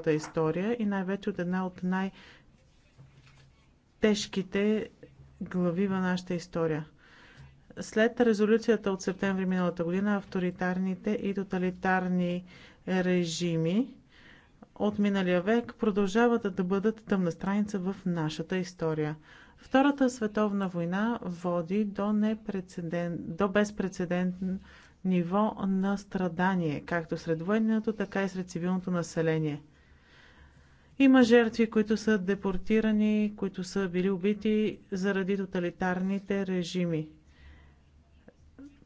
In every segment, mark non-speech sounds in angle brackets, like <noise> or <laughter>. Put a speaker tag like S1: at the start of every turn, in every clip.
S1: своята история и най-вече от една от най-тежките глави в нашата история. След резолюцията от септември миналата година, авторитарните и тоталитарни режими от миналия век продължават да бъдат тъмна страница в нашата история. Втората световна война води до, непрецедент, до безпредседентен ниво на страдание, както сред военното, така и сред цивилното население. Има жертви, които са депортирани, които са били убити заради тоталитарните режими.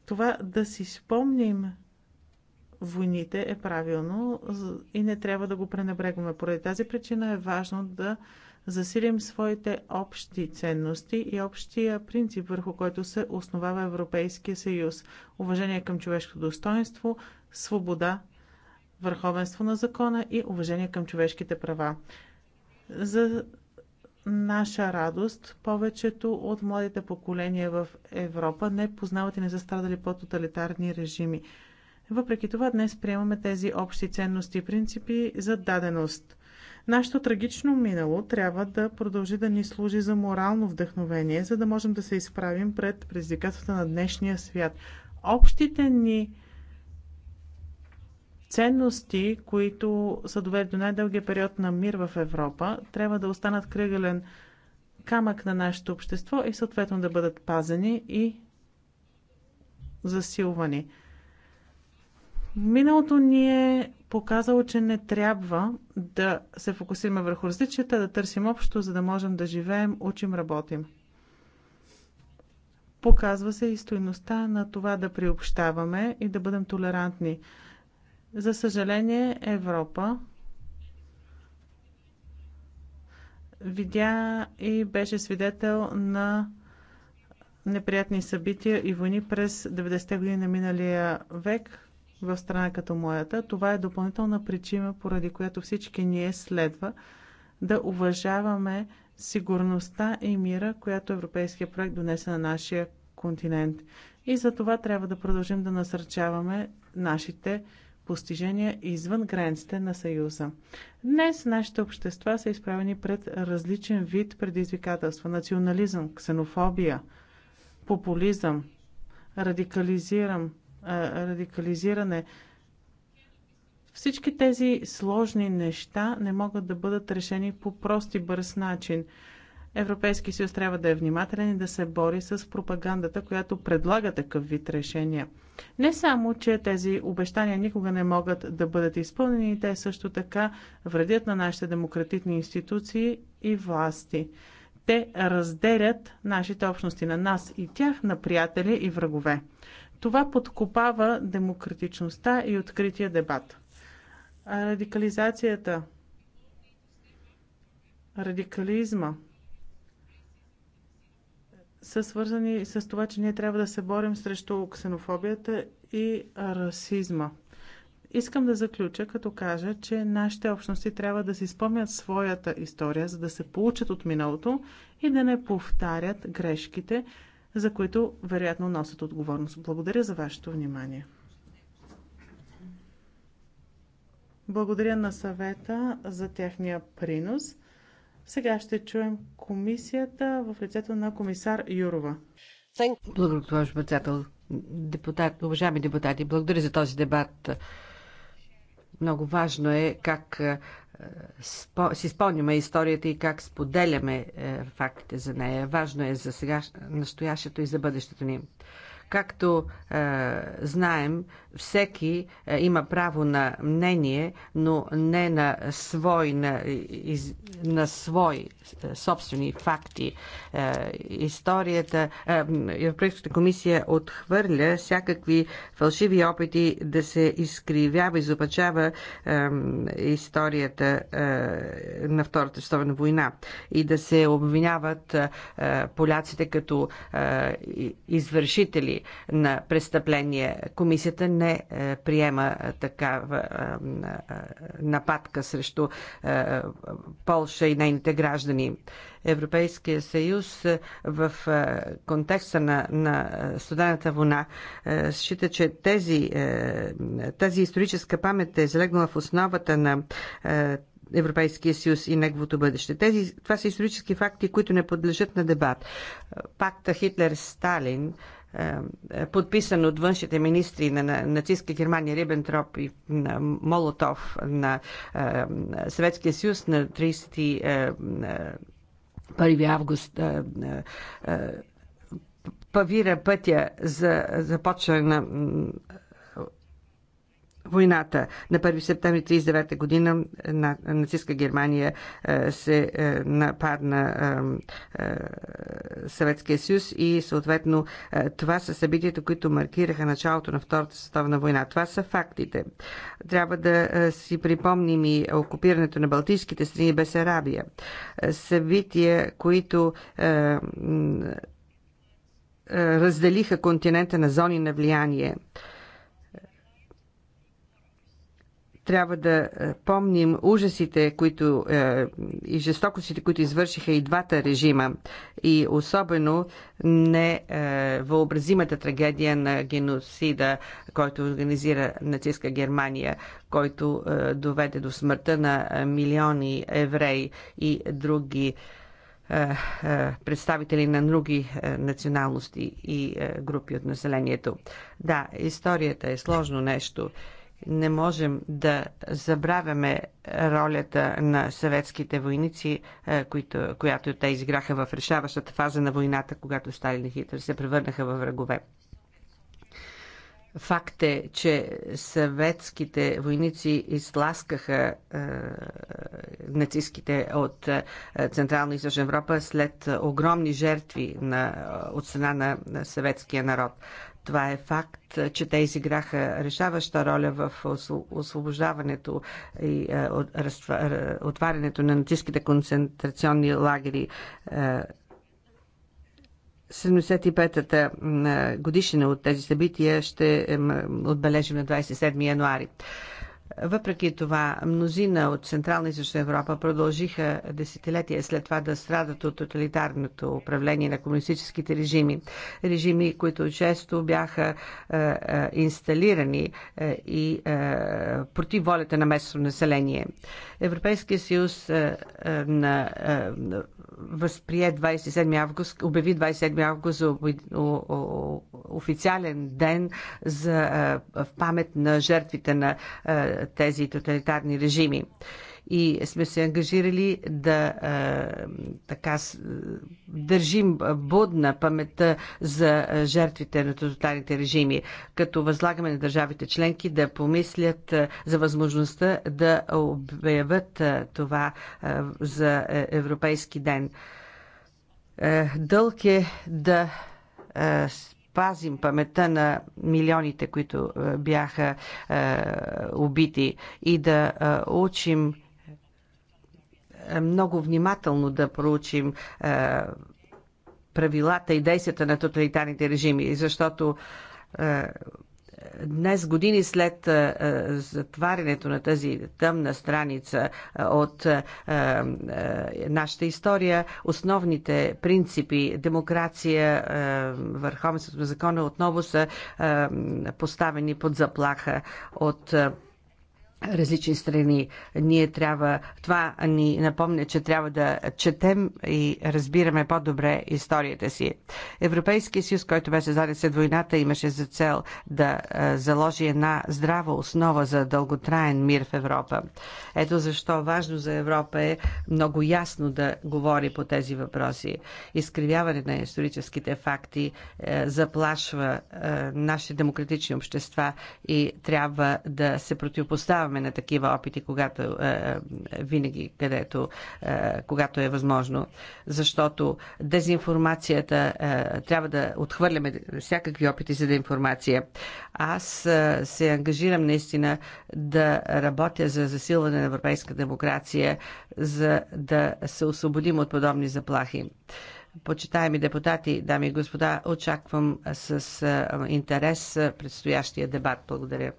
S1: Това да си спомним войните е правилно и не трябва да го пренебрегваме. Поради тази причина е важно да засилим своите общи ценности и общия принцип, върху който се основава Европейския съюз. Уважение към човешкото достоинство, свобода върховенство на закона и уважение към човешките права. За наша радост, повечето от младите поколения в Европа не познават и не са страдали по тоталитарни режими. Въпреки това, днес приемаме тези общи ценности и принципи за даденост. Нашето трагично минало трябва да продължи да ни служи за морално вдъхновение, за да можем да се изправим пред предизвикателствата на днешния свят. Общите ни Ценности, които са довели до най-дългия период на мир в Европа, трябва да останат кръгълен камък на нашето общество и съответно да бъдат пазени и засилвани. Миналото ни е показало, че не трябва да се фокусираме върху различията, да търсим общо, за да можем да живеем, учим, работим. Показва се и стойността на това да приобщаваме и да бъдем толерантни – за съжаление, Европа видя и беше свидетел на неприятни събития и войни през 90-те години на миналия век в страна като моята. Това е допълнителна причина, поради която всички ние следва да уважаваме сигурността и мира, която европейския проект донесе на нашия континент. И за това трябва да продължим да насърчаваме нашите постижения извън границите на Съюза. Днес нашите общества са изправени пред различен вид предизвикателства. Национализъм, ксенофобия, популизъм, радикализирам, радикализиране. Всички тези сложни неща не могат да бъдат решени по прост и бърз начин. Европейски съюз трябва да е внимателен и да се бори с пропагандата, която предлага такъв вид решения. Не само, че тези обещания никога не могат да бъдат изпълнени, те също така вредят на нашите демократични институции и власти. Те разделят нашите общности на нас и тях, на приятели и врагове. Това подкопава демократичността и открития дебат. Радикализацията, радикализма, са свързани с това, че ние трябва да се борим срещу ксенофобията и расизма. Искам да заключа, като кажа, че нашите общности трябва да си спомнят своята история, за да се получат от миналото и да не повтарят грешките, за които вероятно носят отговорност. Благодаря за вашето внимание. Благодаря на съвета за техния принос. Сега ще чуем комисията в лицето на комисар Юрова. Благодаря, госпожо председател. Депутат, уважаеми депутати,
S2: благодаря за този дебат. Много важно е как е, си спомняме историята и как споделяме е, фактите за нея. Важно е за сега, настоящето и за бъдещето ни. Както е, знаем, всеки е, има право на мнение, но не на свой, на, из, на свой е, собствени факти. Е, историята, е, Европейската комисия отхвърля всякакви фалшиви опити да се изкривява, изопачава е, историята е, на Втората световна война и да се обвиняват е, поляците като е, извършители на престъпление. Комисията не е, приема такава е, е, нападка срещу Полша и нейните граждани. Европейския съюз в контекста на, на студената война счита, че тези, тази историческа памет е залегнала в основата на Европейския съюз и неговото бъдеще. Тези, това са исторически факти, които не подлежат на дебат. Пакта Хитлер-Сталин е, е, подписан от външните министри на нацистска Германия Рибентроп и на Молотов на е, Съветския съюз на 31 август павира пътя за започване на войната. На 1 септември 1939 година на нацистска Германия е, се е, нападна е, Съветския съюз и съответно това са събитията, които маркираха началото на Втората световна война. Това са фактите. Трябва да си припомним и окупирането на Балтийските страни Бесарабия. Събития, които разделиха континента на зони на влияние. Трябва да е, помним ужасите които, е, и жестокостите, които извършиха и двата режима и особено невъобразимата е, трагедия на геноцида, който организира нацистска Германия, който доведе до смъртта на милиони евреи и други представители на други националности и групи от населението. Да, историята е сложно нещо не можем да забравяме ролята на съветските войници, е, които, която те изграха в решаващата фаза на войната, когато Сталин и Хитлер се превърнаха в врагове. Факт е, че съветските войници изласкаха е, нацистските от е, Централна и Южна Европа след огромни жертви на, от страна на, на съветския народ. Това е факт, че те изиграха решаваща роля в освобождаването и е, отварянето на нацистските концентрационни лагери 75-та е, годишнина от тези събития ще отбележим на 27 януари. Въпреки това, мнозина от Централна и Източна Европа продължиха десетилетия след това да страдат от тоталитарното управление на комунистическите режими. Режими, които често бяха е, е, инсталирани е, и е, против волята на местното население. Европейския съюз е, е, на, е, възприе 27 август, обяви 27 август за официален ден за, е, в памет на жертвите на е, тези тоталитарни режими. И сме се ангажирали да а, така държим будна паметта за жертвите на тоталитарните режими, като възлагаме на държавите членки да помислят за възможността да обявят това за е, Европейски ден. Е, дълг е да пазим паметта на милионите, които е, бяха е, убити и да е, учим е, много внимателно да проучим е, правилата и действията на тоталитарните режими, защото е, Днес, години след затварянето на тази тъмна страница от нашата история, основните принципи демокрация, върховенството на закона отново са поставени под заплаха от различни страни. Ние трябва, това ни напомня, че трябва да четем и разбираме по-добре историята си. Европейския съюз, който бе създаден след войната, имаше за цел да заложи една здрава основа за дълготраен мир в Европа. Ето защо важно за Европа е много ясно да говори по тези въпроси. Изкривяване на историческите факти е, заплашва е, нашите демократични общества и трябва да се противопоставяме подлагаме на такива опити, когато е, е, винаги, където, е, когато е възможно, защото дезинформацията е, трябва да отхвърляме всякакви опити за дезинформация. Аз е, се ангажирам наистина да работя за засилване на европейска демокрация, за да се освободим от подобни заплахи. Почитаеми депутати, дами и господа, очаквам с е, интерес предстоящия дебат. Благодаря.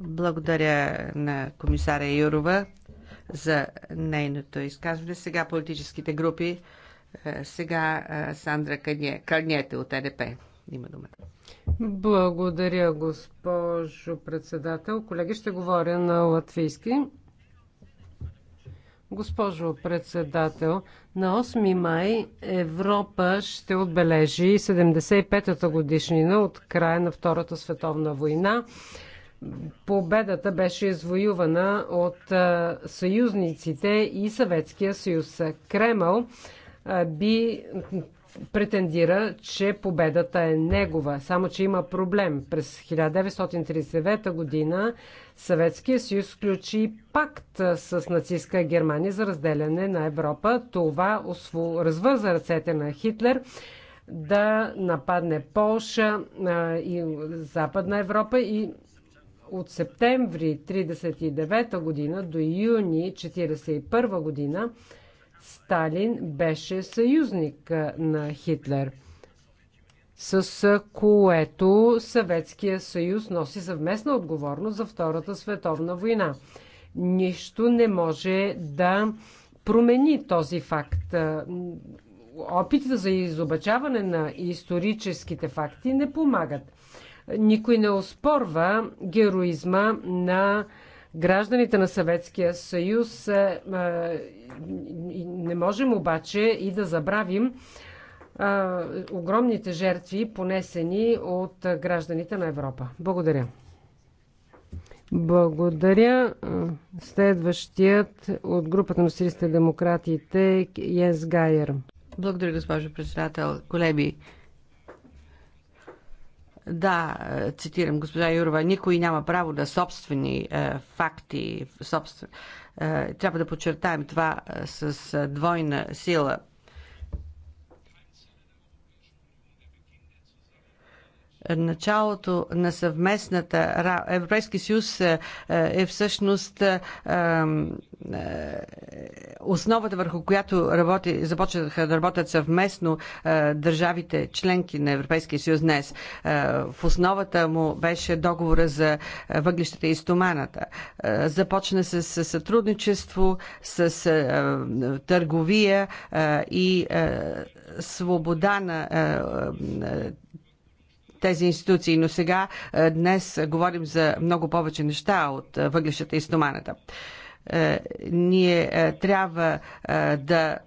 S2: Благодаря на комисаря Юрова за нейното изказване. Сега политическите групи. Е, сега е, Сандра Кърнете от ЕДП има думата.
S3: Благодаря, госпожо председател. Колеги, ще говоря на латвийски. Госпожо председател, на 8 май Европа ще отбележи 75-та годишнина от края на Втората световна война. Победата беше извоювана от съюзниците и Съветския съюз. Кремъл би претендира, че победата е негова. Само, че има проблем. През 1939 година Съветския съюз включи пакт с нацистска Германия за разделяне на Европа. Това развърза ръцете на Хитлер да нападне Полша и Западна Европа и от септември 1939 година до юни 1941 година Сталин беше съюзник на Хитлер, с което Съветския съюз носи съвместна отговорност за Втората световна война. Нищо не може да промени този факт. Опитите за изобачаване на историческите факти не помагат. Никой не оспорва героизма на гражданите на Съветския съюз. Е, е, не можем обаче и да забравим е, огромните жертви, понесени от гражданите на Европа. Благодаря. Благодаря. Следващият от групата на Сирийските демократите Йенс Гайер.
S2: Благодаря, госпожо председател. колеги. Да, е, цитирам госпожа Юрова, никой няма право на собствени е, факти, собствен... е, трябва да подчертаем това е, с е, двойна сила – началото на съвместната Европейски съюз е, е, е всъщност е, основата върху която работи, започнаха да работят съвместно държавите членки на Европейския съюз днес. В основата му беше договора за въглищата и стоманата. Започна с сътрудничество, с търговия и свобода на тези институции. Но сега, е, днес, е, говорим за много повече неща от е, въглищата и стоманата. Ние трябва да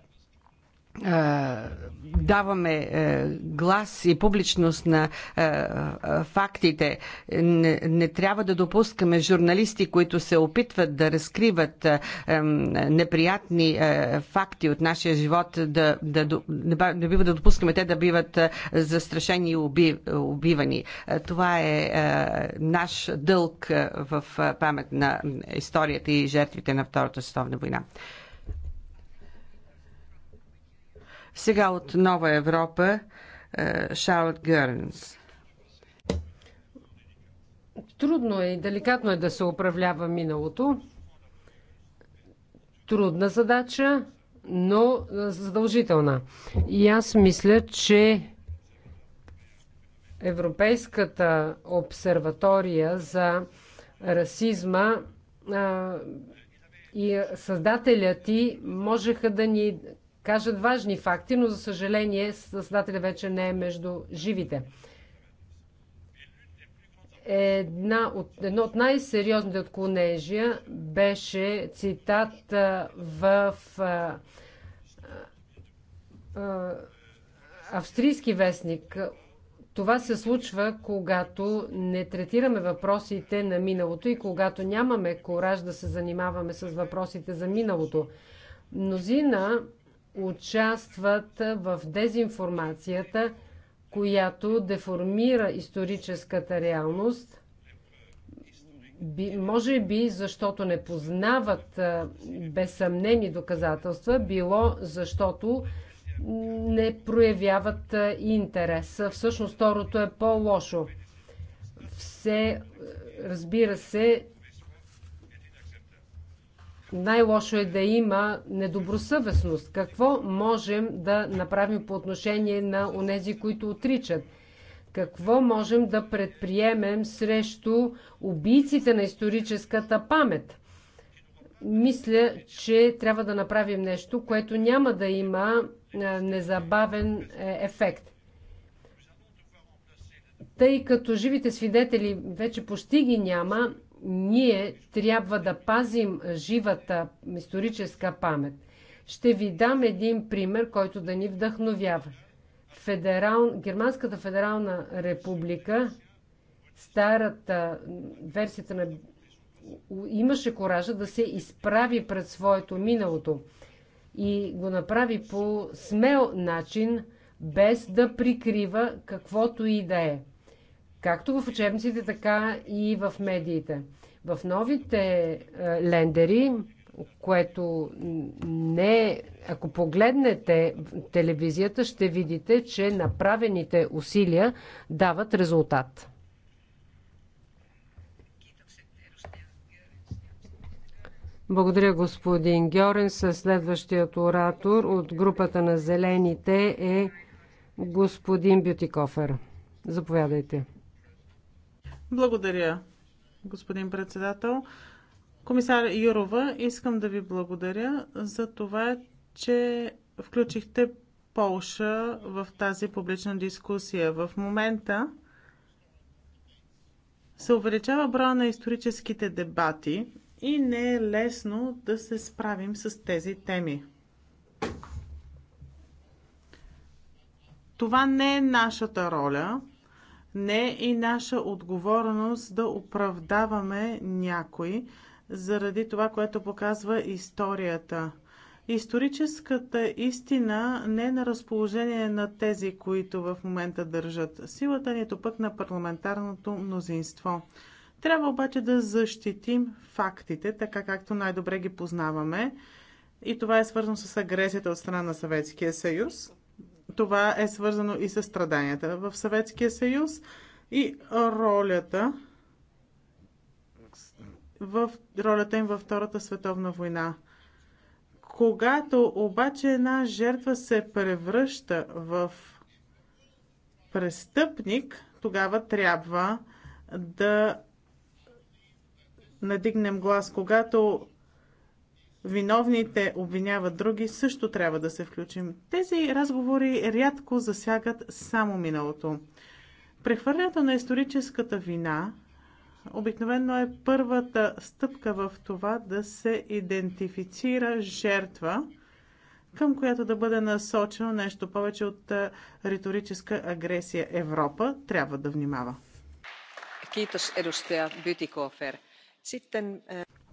S2: даваме е, глас и публичност на е, е, фактите. Не, не трябва да допускаме журналисти, които се опитват да разкриват неприятни факти от нашия живот, да, да, да, не бива да допускаме те да биват застрашени и убивани. Това е наш дълг в памет на историята и жертвите на Втората световна война. Сега от Нова Европа е, Шарлот Гърнс.
S3: Трудно е и деликатно е да се управлява миналото. Трудна задача, но е, задължителна. И аз мисля, че Европейската обсерватория за расизма а, е, и създателят ти можеха да ни кажат важни факти, но за съжаление създателя вече не е между живите. Една от, едно от най-сериозните отклонежия беше цитат в а, а, австрийски вестник. Това се случва, когато не третираме въпросите на миналото и когато нямаме кораж да се занимаваме с въпросите за миналото. Мнозина участват в дезинформацията, която деформира историческата реалност, би, може би защото не познават безсъмнени доказателства, било защото не проявяват интерес. Всъщност, второто е по-лошо. Все, разбира се, най-лошо е да има недобросъвестност. Какво можем да направим по отношение на онези, които отричат? Какво можем да предприемем срещу убийците на историческата памет? Мисля, че трябва да направим нещо, което няма да има е, незабавен е, ефект тъй като живите свидетели вече почти ги няма, ние трябва да пазим живата историческа памет. Ще ви дам един пример, който да ни вдъхновява. Федерал... Германската федерална република, старата версията на имаше коража да се изправи пред своето миналото и го направи по смел начин, без да прикрива каквото и да е както в учебниците, така и в медиите. В новите е, лендери, което не. Ако погледнете телевизията, ще видите, че направените усилия дават резултат. Благодаря, господин Георен. Следващият оратор от групата на зелените е господин Бютикофер. Заповядайте.
S1: Благодаря, господин председател. Комисар Юрова, искам да ви благодаря за това, че включихте Полша в тази публична дискусия. В момента се увеличава броя на историческите дебати и не е лесно да се справим с тези теми. Това не е нашата роля. Не е и наша отговорност да оправдаваме някой заради това, което показва историята. Историческата истина не е на разположение на тези, които в момента държат. Силата нито пък на парламентарното мнозинство. Трябва обаче да защитим фактите, така както най-добре ги познаваме. И това е свързано с агресията от страна на Съветския съюз това е свързано и с страданията в Съветския съюз и ролята в ролята им във Втората световна война. Когато обаче една жертва се превръща в престъпник, тогава трябва да надигнем глас. Когато виновните обвиняват други, също трябва да се включим. Тези разговори рядко засягат само миналото. Прехвърлянето на историческата вина обикновено е първата стъпка в това да се идентифицира жертва, към която да бъде насочено нещо повече от риторическа агресия. Европа трябва да внимава.
S4: Е,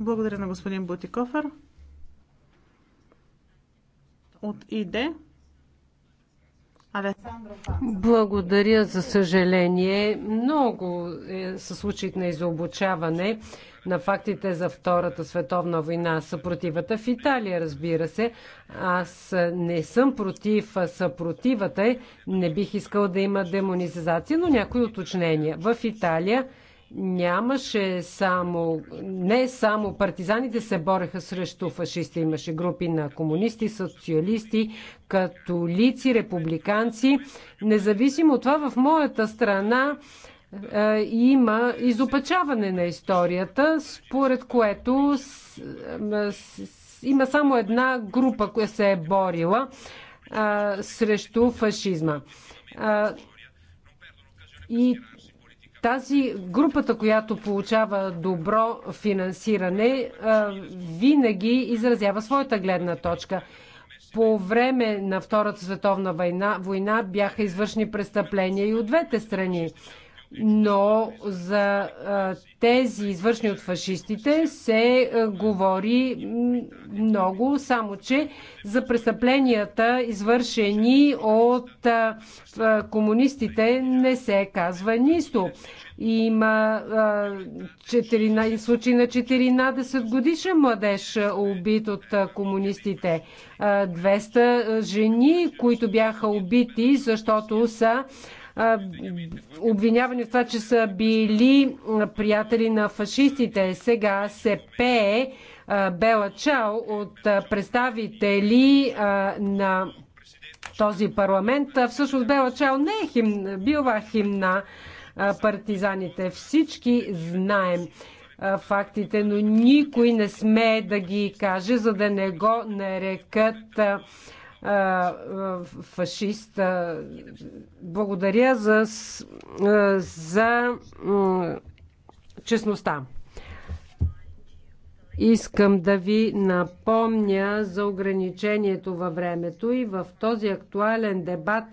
S1: Благодаря на господин Бутикофер. От ИД.
S3: Благодаря, за съжаление. Много е, са случаите на изобучаване на фактите за Втората световна война. Съпротивата в Италия, разбира се. Аз не съм против съпротивата. Не бих искал да има демонизация, но някои уточнения. В Италия нямаше само, не само партизаните се бореха срещу фашисти, имаше групи на комунисти, социалисти, католици, републиканци. Независимо от това, в моята страна е, има изопачаване на историята, според което с, е, с, има само една група, която се е борила е, срещу фашизма. Е, и тази групата, която получава добро финансиране, винаги изразява своята гледна точка. По време на Втората световна война, война бяха извършени престъпления и от двете страни но за тези извършни от фашистите се говори много, само че за престъпленията, извършени от комунистите, не се казва нищо. Има 14, случай на 14 годишен младеж убит от комунистите. 200 жени, които бяха убити, защото са обвинявани в това, че са били приятели на фашистите. Сега се пее Бела Чао от представители на този парламент. Всъщност Бела Чао не е химна, била химна партизаните. Всички знаем фактите, но никой не смее да ги каже, за да не го нарекат фашист. Благодаря за, за честността. Искам да ви напомня за ограничението във времето и в този актуален дебат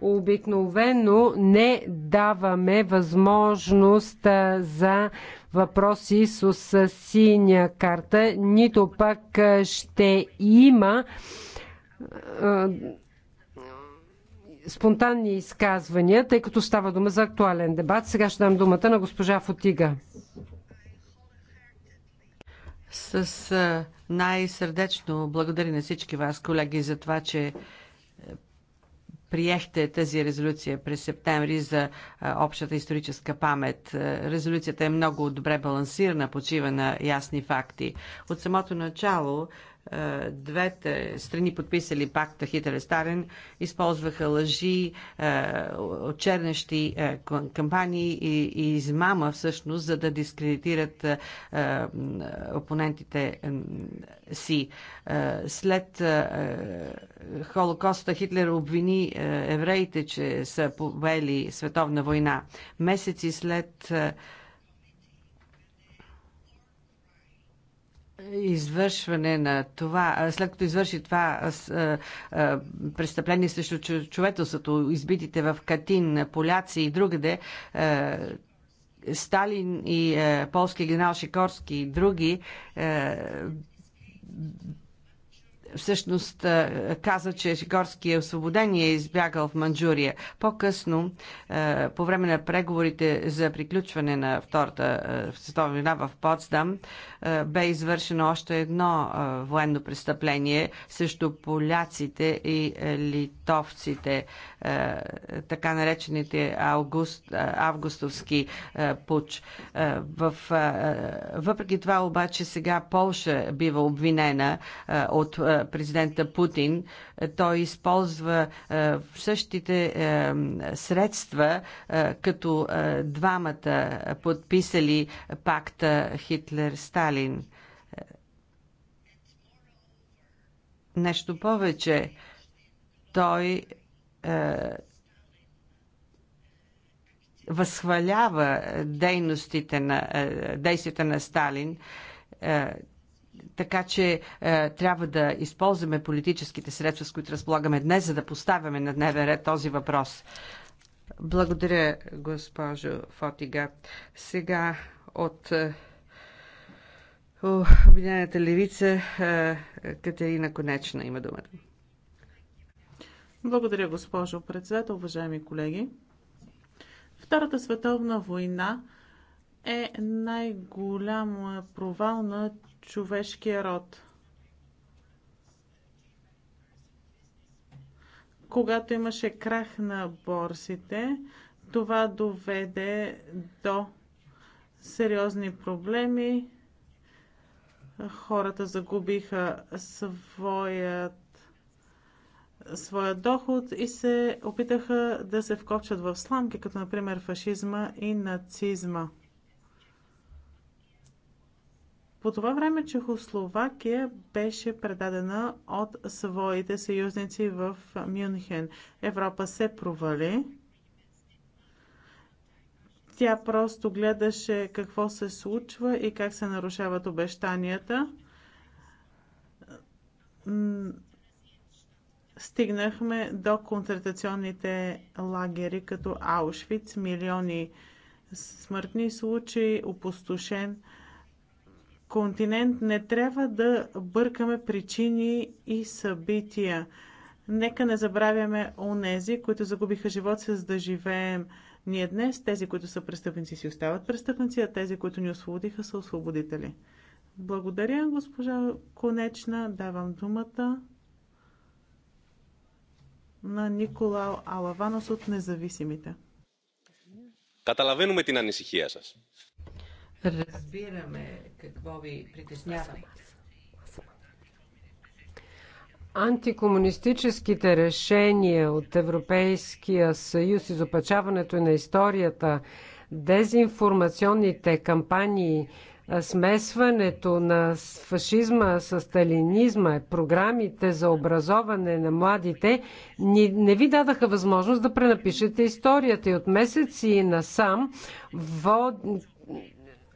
S3: обикновено не даваме възможност за въпроси с синя карта, нито пък ще има спонтанни изказвания, тъй като става дума за актуален дебат. Сега ще дам думата на госпожа Фотига.
S2: С най-сърдечно благодаря на всички вас, колеги, за това, че приехте тази резолюция през септември за общата историческа памет. Резолюцията е много добре балансирана, почива на ясни факти. От самото начало е, двете страни подписали пакта Хитър и старен, използваха лъжи, е, очернещи е, кампании и измама всъщност, за да дискредитират опонентите си. След Холокоста Хитлер обвини евреите, че са повели световна война. Месеци след извършване на това, след като извърши това престъпление срещу човечеството, избитите в Катин, поляци и другаде, Сталин и полски генерал Шикорски и други всъщност каза, че Горски е освободен и е избягал в Манджурия. По-късно, по време на преговорите за приключване на Втората световна война в Потсдам, бе извършено още едно военно престъпление срещу поляците и литовците, така наречените август, августовски пуч. въпреки това обаче сега Полша бива обвинена от президента Путин. Е, той използва е, същите е, средства, като двамата подписали пакта Хитлер-Сталин. Нещо повече, той възхвалява дейностите на, действията на Сталин така че е, трябва да използваме политическите средства, с които разполагаме днес, за да поставяме на дневен ред този въпрос. Благодаря, госпожо Фотига. Сега от е, Обединената левица е, Катерина Конечна има думата.
S1: Благодаря, госпожо председател, уважаеми колеги. Втората световна война е най голяма провал на човешкия род. Когато имаше крах на борсите, това доведе до сериозни проблеми. Хората загубиха своят своя доход и се опитаха да се вкопчат в сламки, като например фашизма и нацизма. По това време Чехословакия беше предадена от своите съюзници в Мюнхен. Европа се провали. Тя просто гледаше какво се случва и как се нарушават обещанията. Стигнахме до концентрационните лагери като Аушвиц, милиони смъртни случаи, опустошен континент не трябва да бъркаме причини и събития. Нека не забравяме онези, които загубиха живот си, за да живеем. Ние днес, тези, които са престъпници, си остават престъпници, а тези, които ни освободиха, са освободители. Благодаря, госпожа Конечна. Давам думата на Николао Алаванос от Независимите.
S5: Каталавенуме την ανησυχία сас.
S2: Разбираме какво ви притеснява.
S3: Антикомунистическите решения от Европейския съюз, изопачаването на историята, дезинформационните кампании, смесването на фашизма с сталинизма, програмите за образование на младите, ни, не ви дадаха възможност да пренапишете историята. И от месеци насам вод...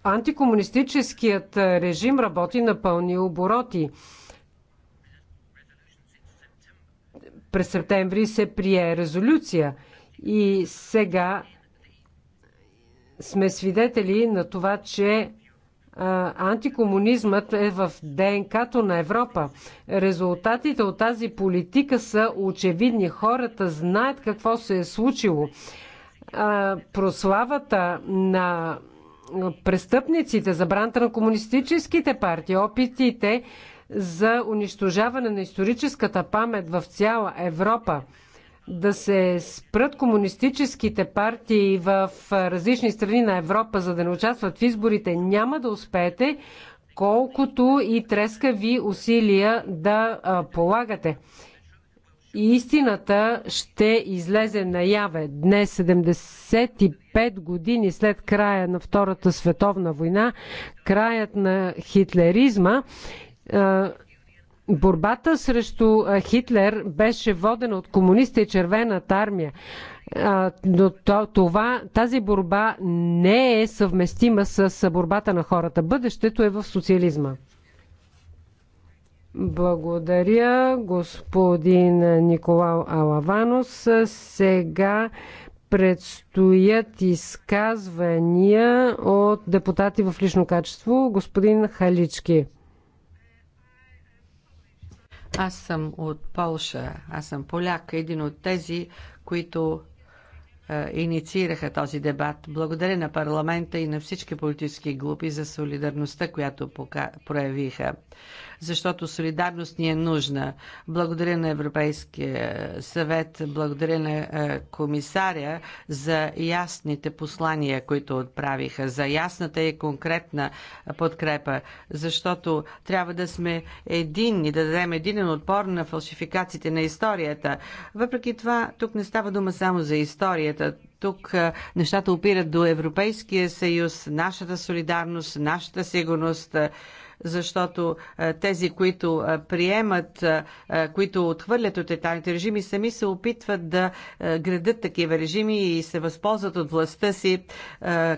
S3: Антикомунистическият режим работи на пълни обороти. През септември се прие резолюция и сега сме свидетели на това, че антикомунизмът е в ДНК-то на Европа. Резултатите от тази политика са очевидни. Хората знаят какво се е случило. прославата на престъпниците, забраната на комунистическите партии, опитите за унищожаване на историческата памет в цяла Европа, да се спрат комунистическите партии в различни страни на Европа, за да не участват в изборите, няма да успеете, колкото и трескави усилия да полагате. И истината ще излезе наяве. Днес, 75 години след края на Втората световна война, краят на хитлеризма, борбата срещу Хитлер беше водена от комуниста и червената армия. Но това, тази борба не е съвместима с борбата на хората. Бъдещето е в социализма. Благодаря, господин Николао Алаванос. Сега предстоят изказвания от депутати в лично качество. Господин Халички.
S2: Аз съм от Полша. Аз съм поляк. Един от тези, които е, инициираха този дебат. Благодаря на парламента и на всички политически групи за солидарността, която проявиха защото солидарност ни е нужна. Благодаря на Европейския съвет, благодаря на е, комисаря за ясните послания, които отправиха, за ясната и конкретна подкрепа, защото трябва да сме единни, да дадем единен отпор на фалшификациите на историята. Въпреки това, тук не става дума само за историята. Тук е, нещата опират до Европейския съюз, нашата солидарност, нашата сигурност. Е, защото тези, които приемат, които отхвърлят тоталитарните режими, сами се опитват да градат такива режими и се възползват от властта си,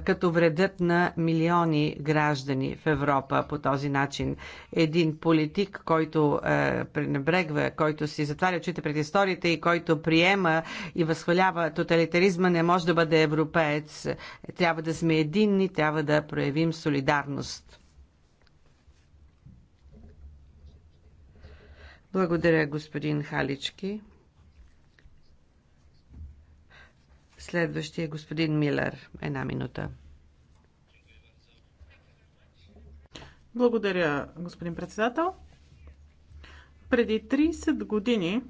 S2: като вредят на милиони граждани в Европа по този начин. Един политик, който пренебрегва, който си затваря очите пред историята и който приема и възхвалява тоталитаризма, не може да бъде европеец. Трябва да сме единни, трябва да проявим солидарност. Благодаря, господин Халички. Следващия е господин Милер. Една минута.
S1: Благодаря, господин председател. Преди 30 години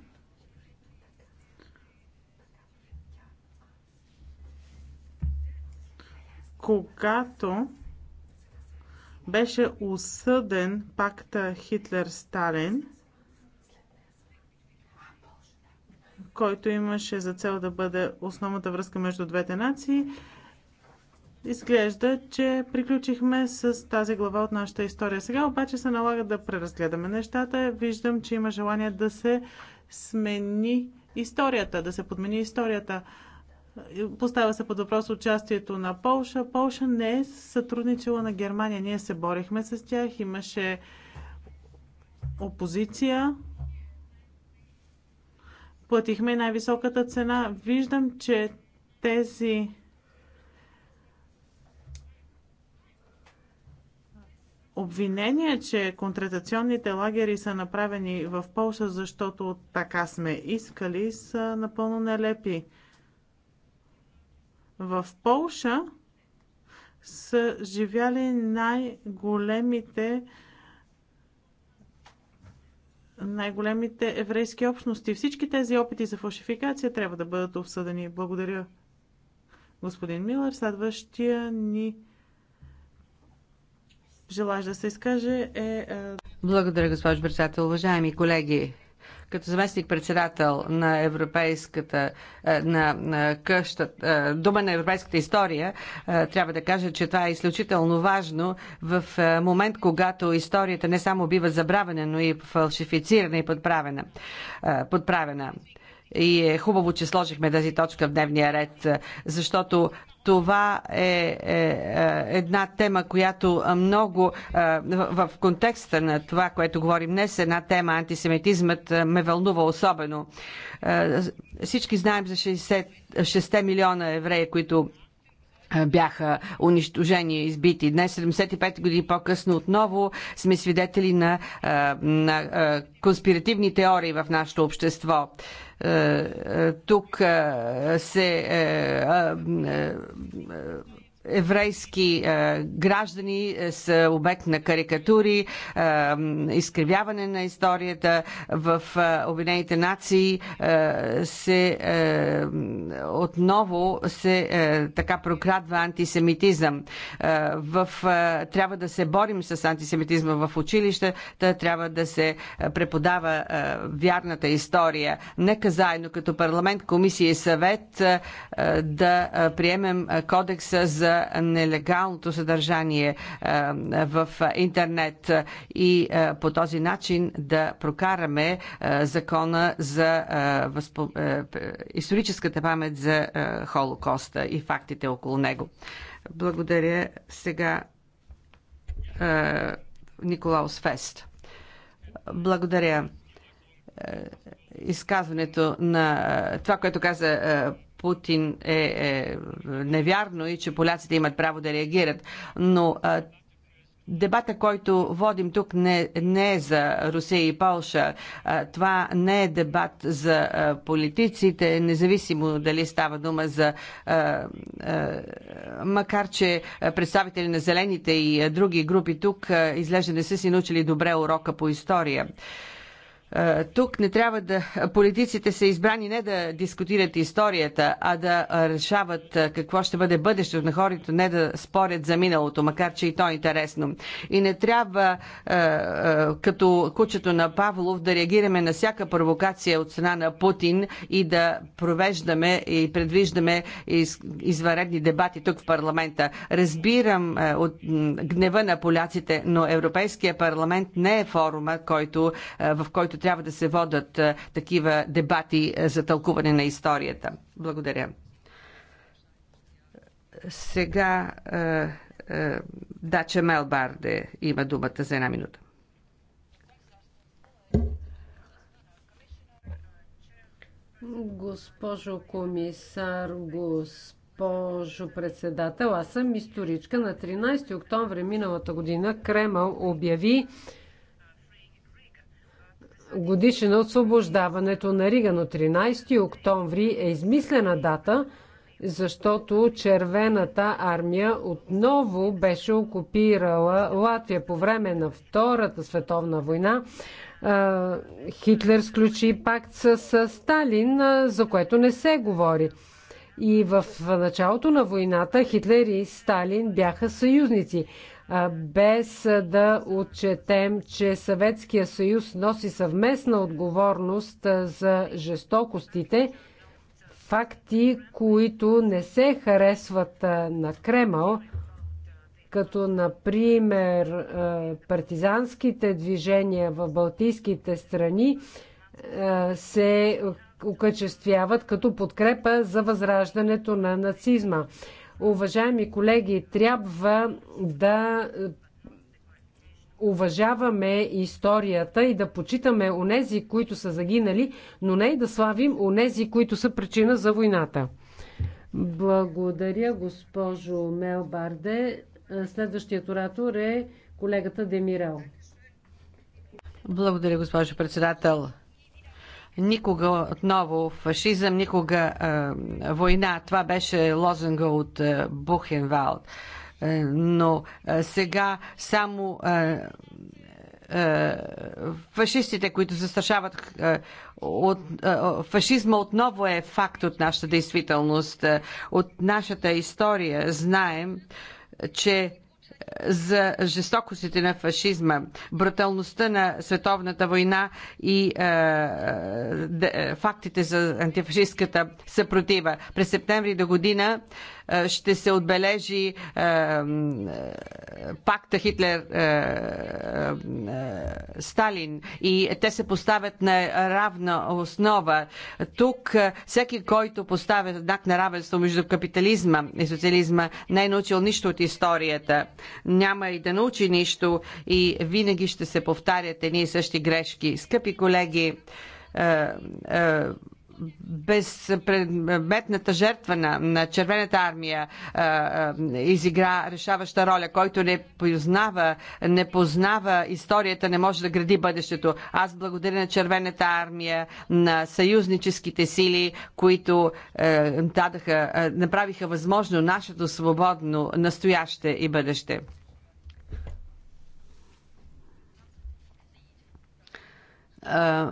S1: когато беше осъден пакта Хитлер-Сталин, който имаше за цел да бъде основната връзка между двете нации. Изглежда, че приключихме с тази глава от нашата история. Сега обаче се налага да преразгледаме нещата. Виждам, че има желание да се смени историята, да се подмени историята. Поставя се под въпрос участието на Полша. Полша не е сътрудничала на Германия. Ние се борихме с тях. Имаше опозиция платихме най-високата цена. Виждам, че тези обвинения, че контратационните лагери са направени в Польша, защото така сме искали, са напълно нелепи. В Полша са живяли най-големите най-големите еврейски общности. Всички тези опити за фалшификация трябва да бъдат обсъдени. Благодаря, господин Милър. Следващия ни желаж да се изкаже е, е...
S2: Благодаря, госпожо председател. Уважаеми колеги, като заместник председател на Европейската е, на, на къща, е, дума на европейската история, е, трябва да кажа, че това е изключително важно в момент, когато историята не само бива забравена, но и фалшифицирана и подправена. подправена. И е хубаво, че сложихме тази точка в дневния ред, защото това е, е, е една тема, която много е, в контекста на това, което говорим днес, една тема антисемитизмът ме вълнува особено. Всички знаем за 60, 6 милиона евреи, които бяха унищожени, избити. Днес, 75 години по-късно, отново сме свидетели на, на конспиративни теории в нашето общество. Тук се еврейски е, граждани е, са обект на карикатури, е, изкривяване на историята. В Обединените нации се отново се така прокрадва антисемитизъм. В, трябва да се борим с антисемитизма в училища, трябва да се преподава вярната история. Нека заедно като парламент, комисия и съвет да приемем кодекса за нелегалното съдържание е, в интернет и е, по този начин да прокараме е, закона за историческата памет за Холокоста и фактите около него. Благодаря сега Николаус Фест. Благодаря изказването на това, което каза Путин е, е невярно и че поляците имат право да реагират, но е, Дебата, който водим тук не, не е за Русия и Полша. Това не е дебат за политиците, независимо дали става дума за... Макар, че представители на зелените и други групи тук изглежда не са си научили добре урока по история. Е, тук не трябва да. Политиците са избрани не да дискутират историята, а да решават е, какво ще бъде бъдещето на хората, не да спорят за миналото, макар че и то е интересно. И не трябва, е, като кучето на Павлов, да реагираме на всяка провокация от страна на Путин и да провеждаме и предвиждаме извънредни дебати тук в парламента. Разбирам от гнева на поляците, но Европейския парламент не е форума, който, в който трябва да се водат такива дебати за тълкуване на историята. Благодаря. Сега Дача Мелбарде има думата за една минута.
S3: Госпожо комисар, госпожо председател, аз съм историчка. На 13 октомври миналата година Кремъл обяви Годишен от освобождаването на Рига, но 13 октомври е измислена дата, защото Червената армия отново беше окупирала Латвия по време на Втората световна война. Хитлер сключи пакт с Сталин, за което не се говори. И в началото на войната Хитлер и Сталин бяха съюзници без да отчетем, че Съветския съюз носи съвместна отговорност за жестокостите, факти, които не се харесват на Кремъл, като например партизанските движения в Балтийските страни се окачествяват като подкрепа за възраждането на нацизма. Уважаеми колеги, трябва да е, уважаваме историята и да почитаме онези, които са загинали, но не и да славим онези, които са причина за войната. Благодаря, госпожо Мелбарде. Следващият оратор е колегата Демирел.
S2: Благодаря, госпожо председател. Никога отново фашизъм, никога е, война. Това беше лозунга от е, Бухенвалд. Е, но е, сега само. Е, фашистите, които застрашават от, фашизма отново е факт от нашата действителност, е, от нашата история. Знаем, че за жестокостите на фашизма, бруталността на световната война и е, е де, е, фактите за антифашистската съпротива. През септември до година е, ще се отбележи е, е, пакта Хитлер-Сталин и те се поставят на равна основа. Тук всеки, който поставя знак на равенство между капитализма и социализма, не е научил нищо от историята. Няма и да научи нищо и винаги ще се повтарят едни и същи грешки. Скъпи колеги, безпредметната жертва на, на Червената армия изигра решаваща роля, който не познава, не познава историята, не може да гради бъдещето. Аз благодаря на Червената армия, на съюзническите сили, които е, дадаха, е, направиха възможно нашето свободно настояще и бъдеще.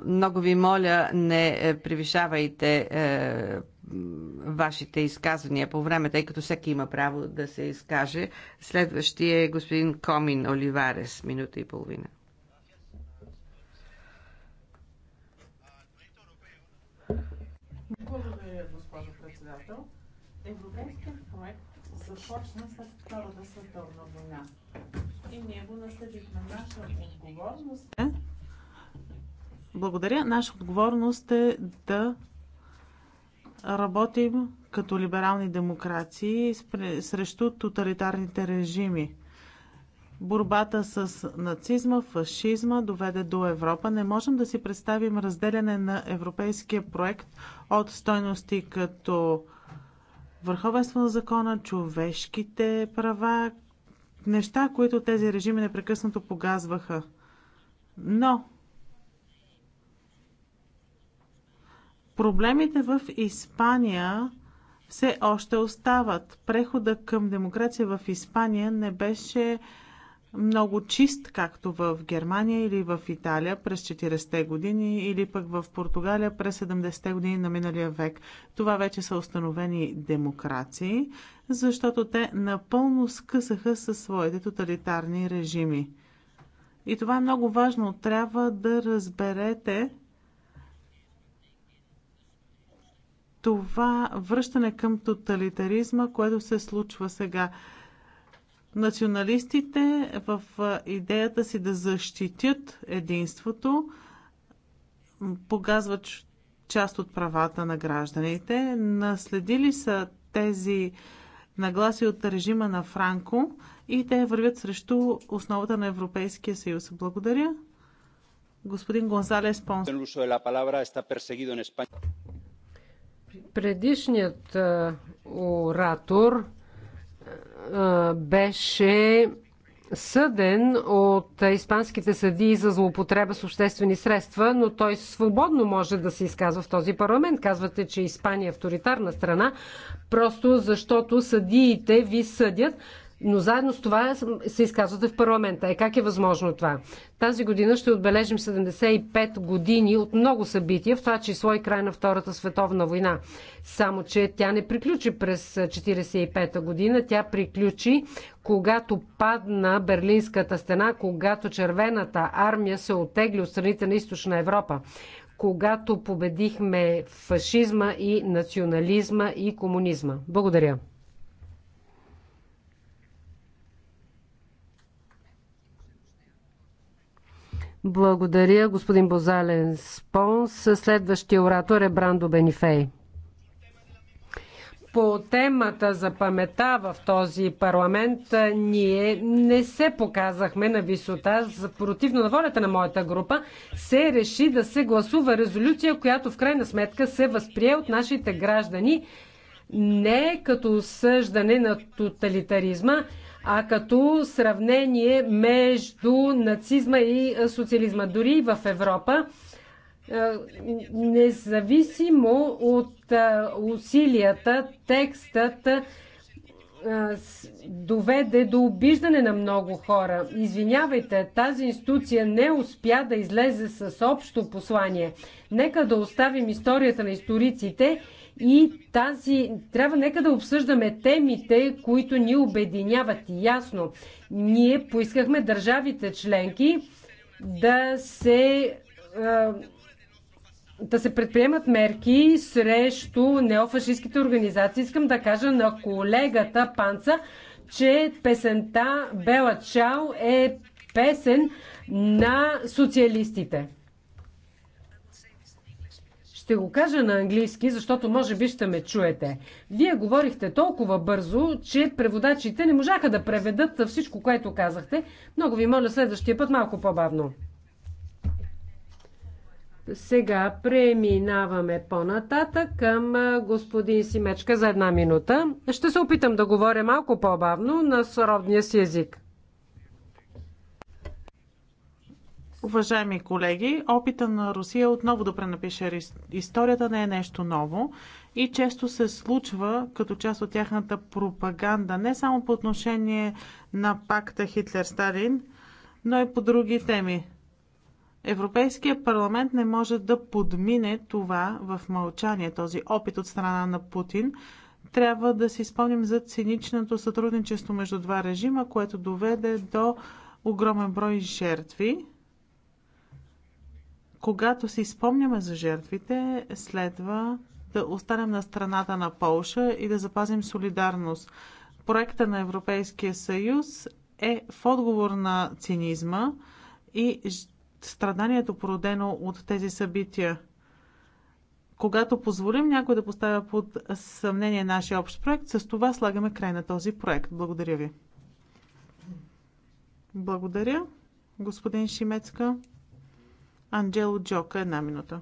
S2: Много ви моля, не е, превишавайте е, вашите изказвания по време, тъй като всеки има право да се изкаже. Следващия е господин Комин Оливарес, минута и половина.
S1: Благодаря, госпожо председател. Европейският проект започна след Втората световна война. И ние го наследихме. Наша отговорност е благодаря. Наша отговорност е да работим като либерални демокрации срещу тоталитарните режими. Борбата с нацизма, фашизма доведе до Европа. Не можем да си представим разделяне на европейския проект от стойности като върховенство на закона, човешките права, неща, които тези режими непрекъснато погазваха. Но Проблемите в Испания все още остават. Прехода към демокрация в Испания не беше много чист, както в Германия или в Италия през 40-те години, или пък в Португалия през 70-те години на миналия век. Това вече са установени демокрации, защото те напълно скъсаха със своите тоталитарни режими. И това е много важно. Трябва да разберете това връщане към тоталитаризма, което се случва сега. Националистите в идеята си да защитят единството погазват част от правата на гражданите. Наследили са тези нагласи от режима на Франко и те вървят срещу основата на Европейския съюз. Благодаря. Господин Гонзалес Понс. Предишният
S3: оратор беше съден от испанските съдии за злоупотреба с обществени средства, но той свободно може да се изказва в този парламент. Казвате, че Испания е авторитарна страна, просто защото съдиите ви съдят, но заедно с това се изказвате в парламента. Е как е възможно това? Тази година ще отбележим 75 години от много събития, в това число и край на Втората световна война. Само, че тя не приключи през 1945 година. Тя приключи, когато падна Берлинската стена, когато Червената армия се отегли от страните на източна Европа когато победихме фашизма и национализма и комунизма. Благодаря. Благодаря, господин Бозален Спонс. Следващия оратор е Брандо Бенифей. По темата за памета в този парламент ние не се показахме на висота. Противно на волята на моята група се реши да се гласува резолюция, която в крайна сметка се възприе от нашите граждани не като осъждане на тоталитаризма, а като сравнение между нацизма и социализма. Дори в Европа, независимо от усилията, текстът доведе до обиждане на много хора. Извинявайте, тази институция не успя да излезе с общо послание. Нека да оставим историята на историците и тази... Трябва нека да обсъждаме темите, които ни обединяват ясно. Ние поискахме държавите членки да се да се предприемат мерки срещу неофашистските организации. Искам да кажа на колегата Панца, че песента Бела Чао е песен на социалистите. Ще го кажа на английски, защото може би ще ме чуете. Вие говорихте толкова бързо, че преводачите не можаха да преведат всичко, което казахте. Много ви моля следващия път малко по-бавно. Сега преминаваме по-нататък към господин Симечка за една минута. Ще се опитам да говоря малко по-бавно на сродния си език.
S1: Уважаеми колеги, опита на Русия отново да пренапише историята не е нещо ново и често се случва като част от тяхната пропаганда, не само по отношение на пакта Хитлер-Сталин, но и по други теми. Европейския парламент не може да подмине това в мълчание, този опит от страна на Путин. Трябва да си спомним за циничното сътрудничество между два режима, което доведе до огромен брой жертви. Когато си спомняме за жертвите, следва да останем на страната на Полша и да запазим солидарност. Проекта на Европейския съюз е в отговор на цинизма и страданието, породено от тези събития. Когато позволим някой да поставя под съмнение нашия общ проект, с това слагаме край на този проект. Благодаря ви. Благодаря, господин Шимецка. Анджело Джока, една минута.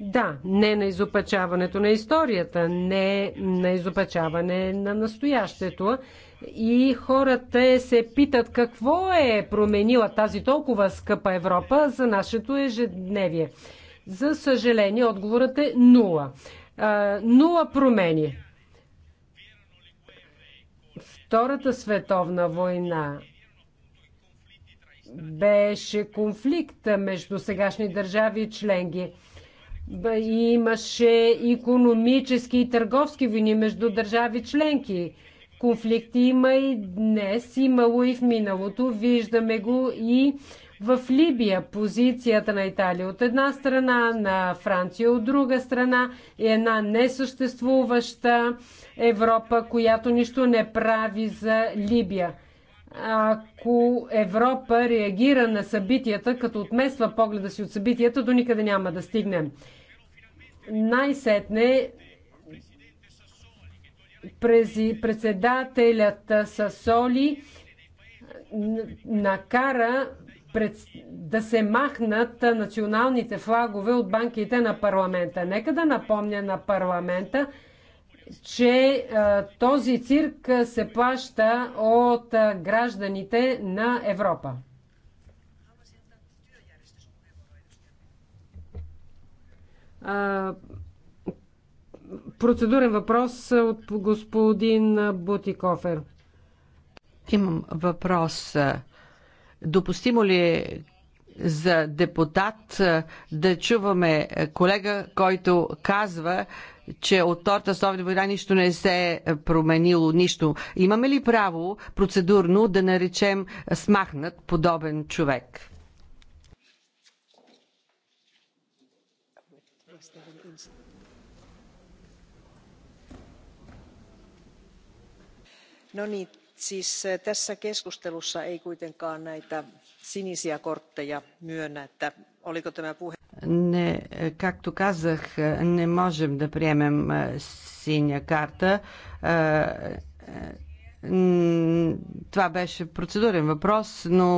S1: Да, не на изопачаването на историята, не
S3: на изопачаване на настоящето. И хората се питат какво е променила тази толкова скъпа Европа за нашето ежедневие. За съжаление, отговорът е нула. А, нула промени. Втората световна война беше конфликт между сегашни държави и членги. Имаше економически и търговски войни между държави членки. Конфликти има и днес, имало и в миналото. Виждаме го и в Либия позицията на Италия от една страна, на Франция от друга страна и една несъществуваща Европа, която нищо не прави за Либия. Ако Европа реагира на събитията, като отмества погледа си от събитията, до никъде няма да стигнем. Най-сетне председателят Сасоли накара да се махнат националните флагове от банките на парламента. Нека да напомня на парламента, че този цирк се плаща от гражданите на Европа. Процедурен въпрос от
S2: господин Бутикофер. Имам въпрос. Допустимо ли е за депутат да чуваме колега, който казва, че от торта Словни война нищо не се е променило, нищо. Имаме ли право процедурно да наречем смахнат подобен човек? niin, siis tässä keskustelussa ei kuitenkaan näitä sinisiä kortteja myönnä. että Oliko tämä puhe? Не, както казах, не можем да приемем синя карта. Това беше процедурен въпрос, но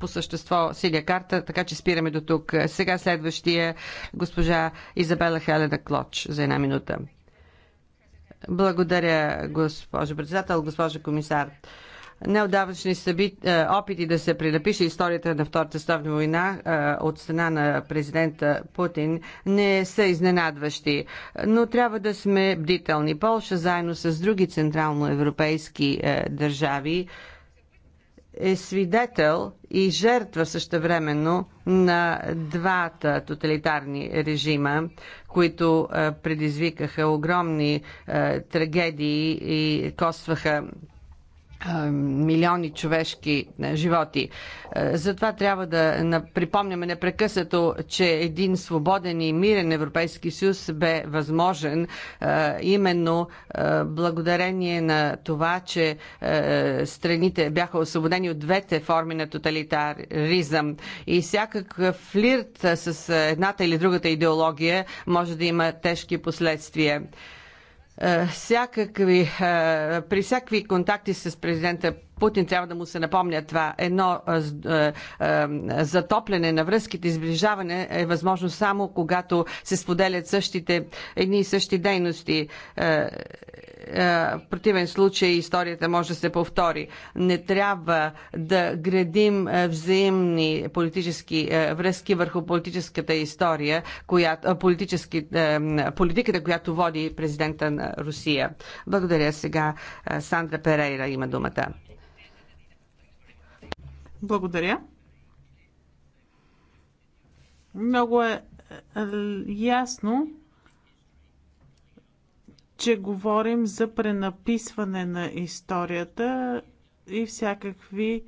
S2: по същество синя карта, така че спираме до тук. Сега следващия е госпожа Изабела Хелена Клоч за една минута. Благодаря, госпожо председател, госпожо комисар. Неодавнашни е, опити да се пренапише историята на Втората световна война е, от страна на президента Путин не са изненадващи, но трябва да сме бдителни. Полша заедно с други централноевропейски е, държави е свидетел и жертва същевременно на двата тоталитарни режима, които е, предизвикаха огромни е, трагедии и костваха милиони човешки животи. Затова трябва да припомняме непрекъснато, че един свободен и мирен Европейски съюз бе възможен именно благодарение на това, че страните бяха освободени от двете форми на тоталитаризъм. И всякакъв флирт с едната или другата идеология може да има тежки последствия. Е, всякакви, е, при всякакви контакти с президента Путин трябва да му се напомня това. Едно затопляне на връзките, изближаване е възможно само когато се споделят същите, едни и същи дейности. в противен случай историята може да се повтори. Не трябва да градим взаимни политически връзки върху политическата история, която, политически, политиката, която води президента на Русия. Благодаря сега. Сандра Перейра има думата.
S1: Благодаря. Много е, е ясно, че говорим за пренаписване на историята и всякакви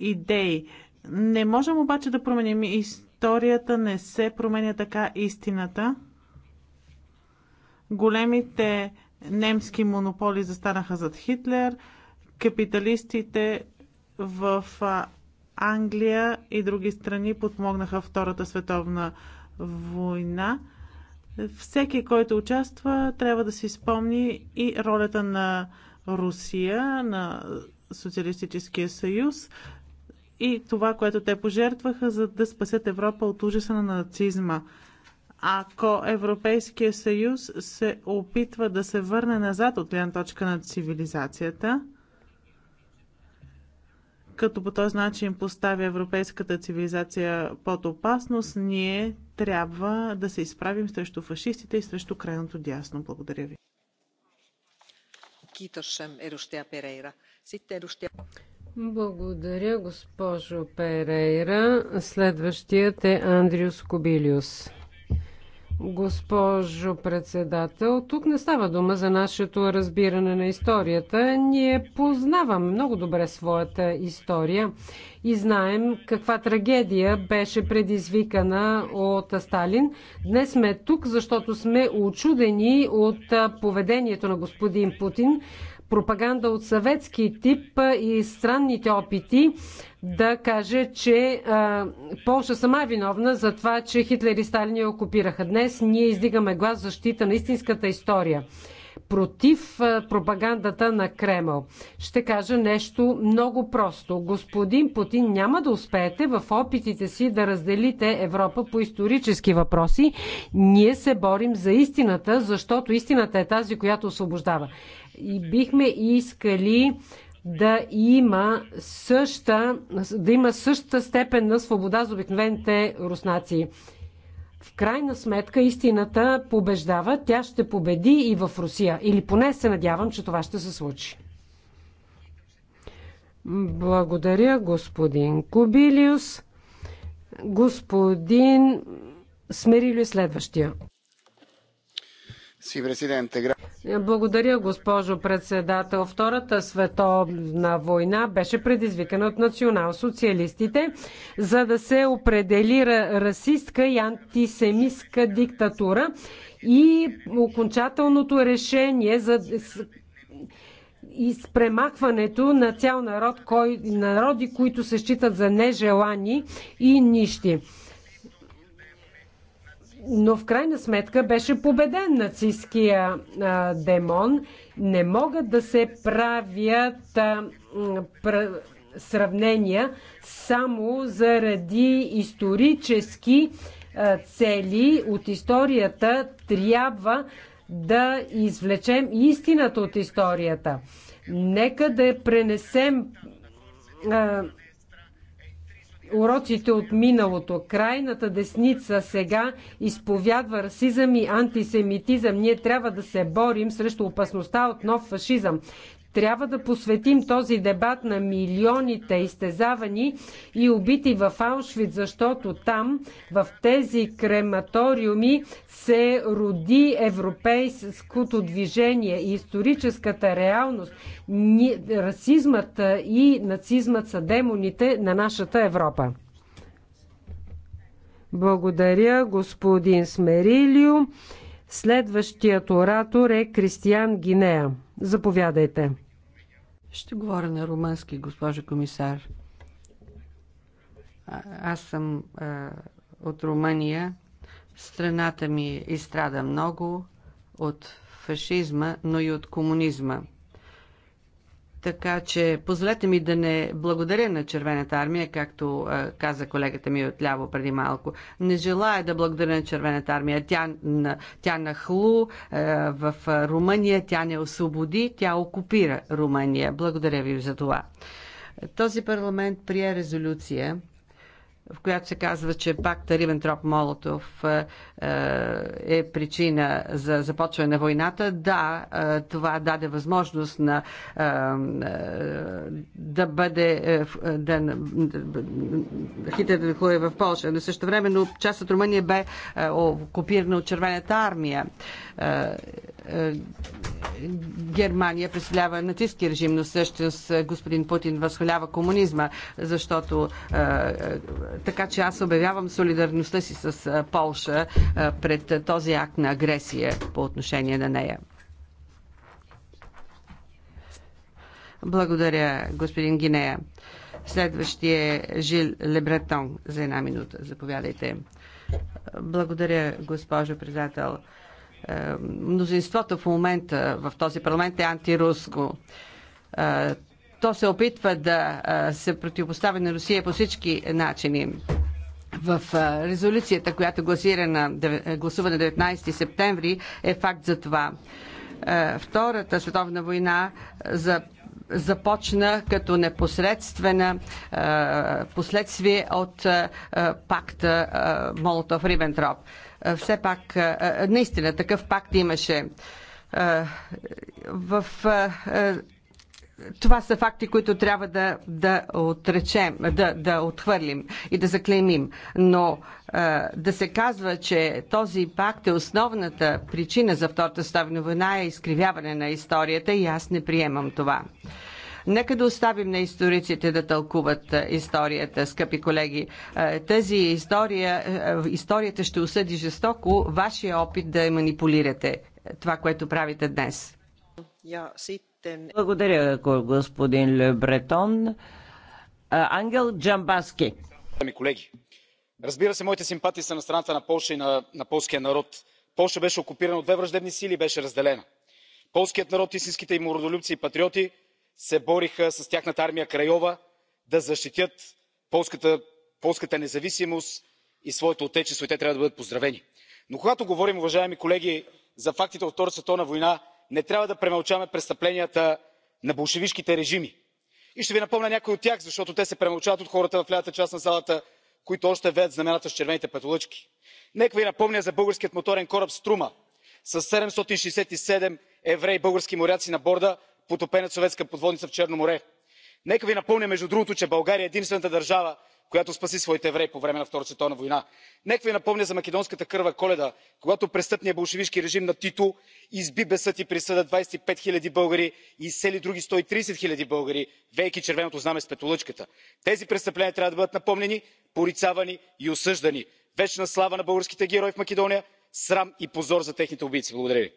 S1: идеи. Не можем обаче да променим историята, не се променя така истината. Големите немски монополи застанаха зад Хитлер, капиталистите в Англия и други страни подмогнаха Втората световна война. Всеки, който участва, трябва да си спомни и ролята на Русия, на Социалистическия съюз и това, което те пожертваха, за да спасят Европа от ужаса на нацизма. Ако Европейския съюз се опитва да се върне назад от гледна точка на цивилизацията, като по този начин поставя европейската цивилизация под опасност, ние трябва да се изправим срещу фашистите и срещу крайното дясно. Благодаря ви.
S3: Благодаря, госпожо Перейра. Следващият е Андриус Кобилиус. Госпожо председател, тук не става дума за нашето разбиране на историята. Ние познаваме много добре своята история и знаем каква трагедия беше предизвикана от Сталин. Днес сме тук, защото сме очудени от поведението на господин Путин пропаганда от съветски тип и странните опити да каже, че а, Полша сама е виновна за това, че Хитлер и Сталин я окупираха. Днес ние издигаме глас в защита на истинската история против пропагандата на Кремъл. Ще кажа нещо много просто. Господин Путин няма да успеете в опитите си да разделите Европа по исторически въпроси. Ние се борим за истината, защото истината е тази, която освобождава и бихме искали да има съща, да има същата степен на свобода за обикновените руснаци. В крайна сметка истината побеждава, тя ще победи и в Русия. Или поне се надявам, че това ще се случи. Благодаря, господин Кобилиус. Господин Смирилю следващия. Е, благодаря, госпожо председател. Втората световна война беше предизвикана от национал-социалистите, за да се определи расистка и антисемистка диктатура и окончателното решение за и с премахването на цял народ, кой, народи, които се считат за нежелани и нищи но в крайна сметка беше победен нацистския а, демон. Не могат да се правят а, пр... сравнения само заради исторически а, цели от историята. Трябва да извлечем истината от историята. Нека да пренесем а, уроците от миналото. Крайната десница сега изповядва расизъм и антисемитизъм. Ние трябва да се борим срещу опасността от нов фашизъм. Трябва да посветим този дебат на милионите изтезавани и убити в Аушвиц, защото там, в тези крематориуми, се роди европейското движение и историческата реалност. Расизмът и нацизмът са демоните на нашата Европа. Благодаря, господин Смерилио. Следващият оратор е Кристиан Гинея. Заповядайте. Ще говоря на румънски, госпожо
S2: комисар. А, аз съм а, от Румъния. Страната ми изстрада много от фашизма, но и от комунизма. Така че позволете ми да не благодаря на Червената армия, както е, каза колегата ми отляво преди малко. Не желая да благодаря на Червената армия. Тя, на, тя нахлу е, в Румъния, тя не освободи, тя окупира Румъния. Благодаря ви за това. Този парламент прие резолюция в която се казва, че пакта Рибентроп-Молотов е, е, е причина за започване на войната. Да, е, това даде възможност на, да бъде да, хитър да нахлуе в Польша, но също времено част от Румъния бе окупирана от Червената армия Германия представлява нацистски режим, но всъщност е, господин Путин възхвалява комунизма, защото е, е, така че аз обявявам солидарността си с Полша пред този акт на агресия по отношение на нея. Благодаря, господин Гинея. Следващия е Жил Лебретон за една минута. Заповядайте. Благодаря, госпожо председател. Е, мнозинството в момента в този парламент е антируско. Е, то се опитва да е, се противопостави на Русия по всички начини. В резолюцията, която гласира на, гласуване 19 септември, е факт за това. Втората световна война за започна като непосредствена последствие от пакта Молотов-Рибентроп. Е, все пак, е, е, наистина, такъв пакт имаше. В това са факти, които трябва да, да отречем, да, да отхвърлим и да заклеймим. Но а, да се казва, че този пакт е основната причина за Втората световна война е изкривяване на историята и аз не приемам това. Нека да оставим на историците да тълкуват е, историята, скъпи колеги. Е, тази история, е, историята ще осъди жестоко вашия опит да я манипулирате това, което правите
S6: днес. Благодаря, господин Лебретон. Ангел Джамбаски.
S5: Колеги, разбира се, моите симпатии са на страната на Полша и на, на полския народ. Полша беше окупирана от две враждебни сили и беше разделена. Полският народ, истинските им родолюбци и патриоти, се бориха с тяхната армия крайова да защитят полската независимост и своето отечество и те трябва да бъдат поздравени. но когато говорим уважаеми колеги за фактите от втората световна война не трябва да премълчаваме престъпленията на болшевишките режими и ще ви напомня някои от тях защото те се премълчават от хората в лявата част на залата които още веят знамената с червените петолъчки. нека ви напомня за българския моторен кораб струма със 767 евреи български моряци на борда потопена съветска подводница в черно море. нека ви напомня между другото че българя е единствената държава която спаси своите евреи по време на втората световна война. нека ви напомня за македонската кърва коледа когато престъпният болшевишки режим на тито изби без съд и присъда двадесет и пет хиляди българи и изсели други сто и тридесет хиляди българи веейки червеното знаме с петолъчката. тези престъпления трябва да бъдат напомняни порицавани и осъждани. вечна слава на българските герои в македония срам и позор за техните убийци! благодаря ви.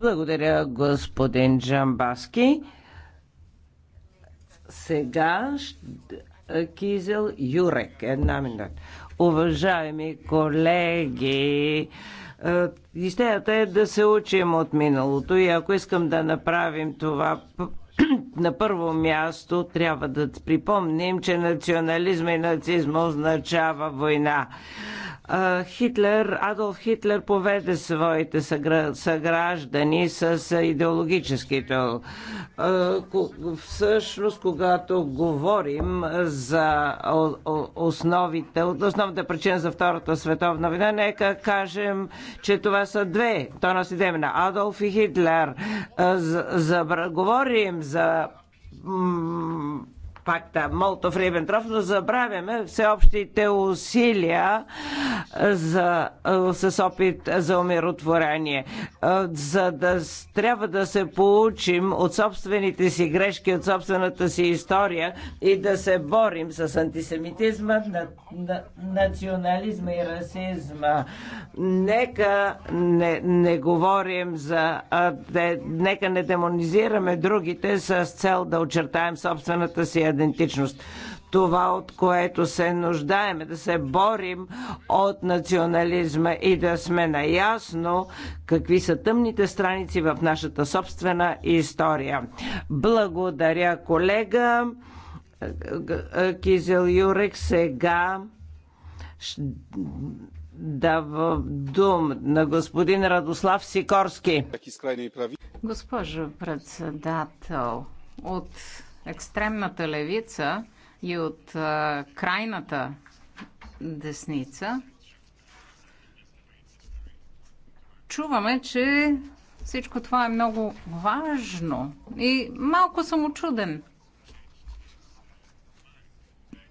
S6: Благодаря, господин Джамбаски. Сега Кизел Юрек. Една минута. Уважаеми колеги, е, идеята е да се учим от миналото и ако искам да направим това <clears throat> на първо място трябва да припомним, че национализма и нацизма означава война. Хитлер, Адолф Хитлер поведе своите съграждани с идеологическите. Всъщност, когато говорим за основите, основната причина за Втората световна война, нека кажем, че това са две. То нас идеме на Адолф и Хитлер. Говорим за пакта Молтов-Риббентроп, но забравяме всеобщите усилия за, с опит за умиротворение. За да трябва да се получим от собствените си грешки, от собствената си история и да се борим с антисемитизма, на, на, национализма и расизма. Нека не, не говорим за... А, де, нека не демонизираме другите с цел да очертаем собствената си идентичност това, от което се нуждаеме, да се борим от национализма и да сме наясно какви са тъмните страници в нашата собствена история. Благодаря, колега. Кизел Юрек сега дава дум на господин Радослав Сикорски.
S4: Госпожо председател, от екстремната левица и от а, крайната десница, чуваме, че всичко това е много важно. И малко съм очуден.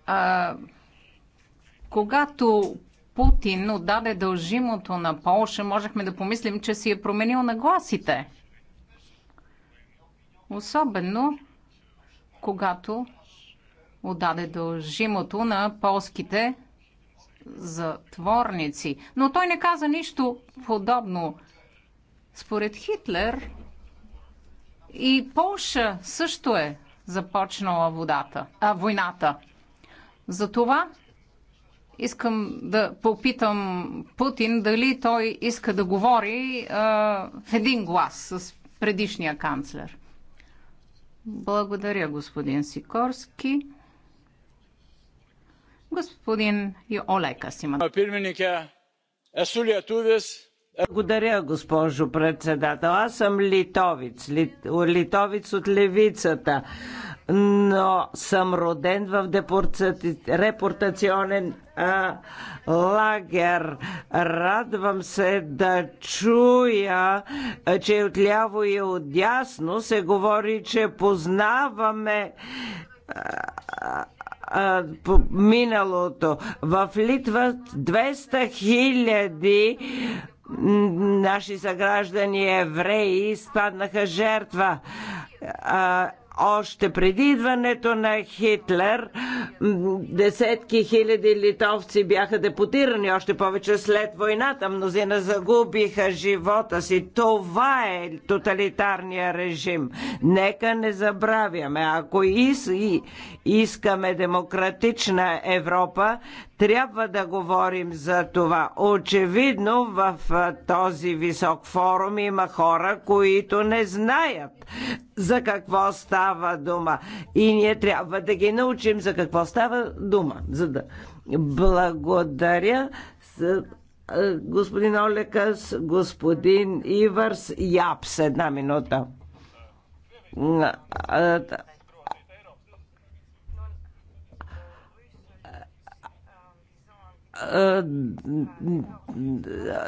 S4: А, когато Путин отдаде дължимото на Полша, можехме да помислим, че си е променил нагласите. Особено когато отдаде дължимото на полските затворници. Но той не каза нищо подобно. Според Хитлер и Полша също е започнала водата, а, войната. Затова искам да попитам Путин дали той иска да говори а, в един глас с предишния канцлер. Благодаря, господин Сикорски. E- Благодаря, госпожо
S6: председател. Аз съм литовец, лит, литовец от левицата, но съм роден в репортационен а, лагер. Радвам се да чуя, че отляво и дясно се говори, че познаваме а, по миналото. В Литва 200 хиляди наши съграждани евреи спаднаха жертва. А, още преди идването на Хитлер десетки хиляди литовци бяха депутирани, още повече след войната. Мнозина загубиха живота си. Това е тоталитарния режим. Нека не забравяме, ако искаме демократична Европа, трябва да говорим за това. Очевидно в този висок форум има хора, които не знаят за какво става дума. И ние трябва да ги научим за какво става дума. За да... Благодаря господин Олекас, господин Ивърс, Япс, една минута. Е,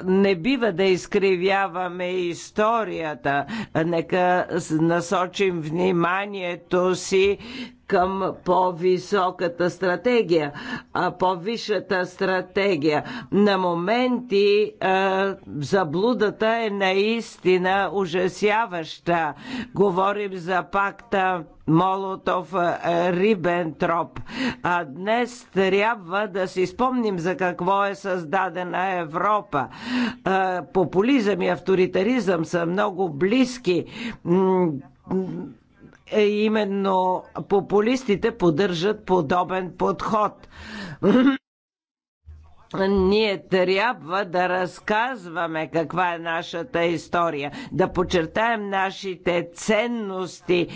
S6: не бива да изкривяваме историята. Нека насочим вниманието си към по-високата стратегия, а по-висшата стратегия. На моменти е, заблудата е наистина ужасяваща. Говорим за пакта Молотов е, Рибентроп. А днес трябва да си спомним за какво е създадена Европа. Е, популизъм и авторитаризъм са много близки е, именно популистите поддържат подобен подход ние трябва да разказваме каква е нашата история, да почертаем нашите ценности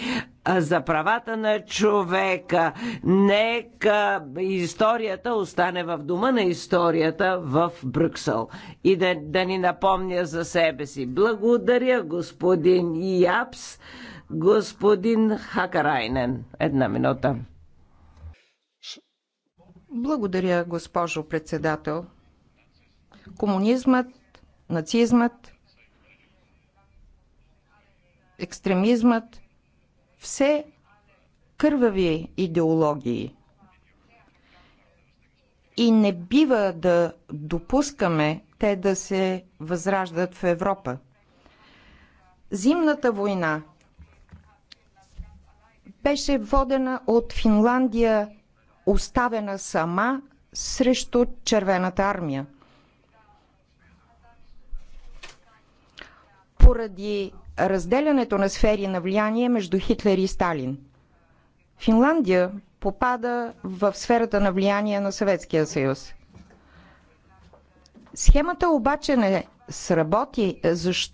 S6: за правата на човека. Нека историята остане в дома на историята в Брюксел и да, да ни напомня за себе си. Благодаря, господин Япс. Господин Хакарайнен,
S4: една минута. Благодаря, госпожо председател. Комунизмът, нацизмът, екстремизмът, все кървави идеологии. И не бива да допускаме те да се възраждат в Европа. Зимната война – беше водена от Финландия, оставена сама срещу Червената армия. Поради разделянето на сфери на влияние между Хитлер и Сталин. Финландия попада в сферата на влияние на Съветския съюз. Схемата обаче не сработи, защото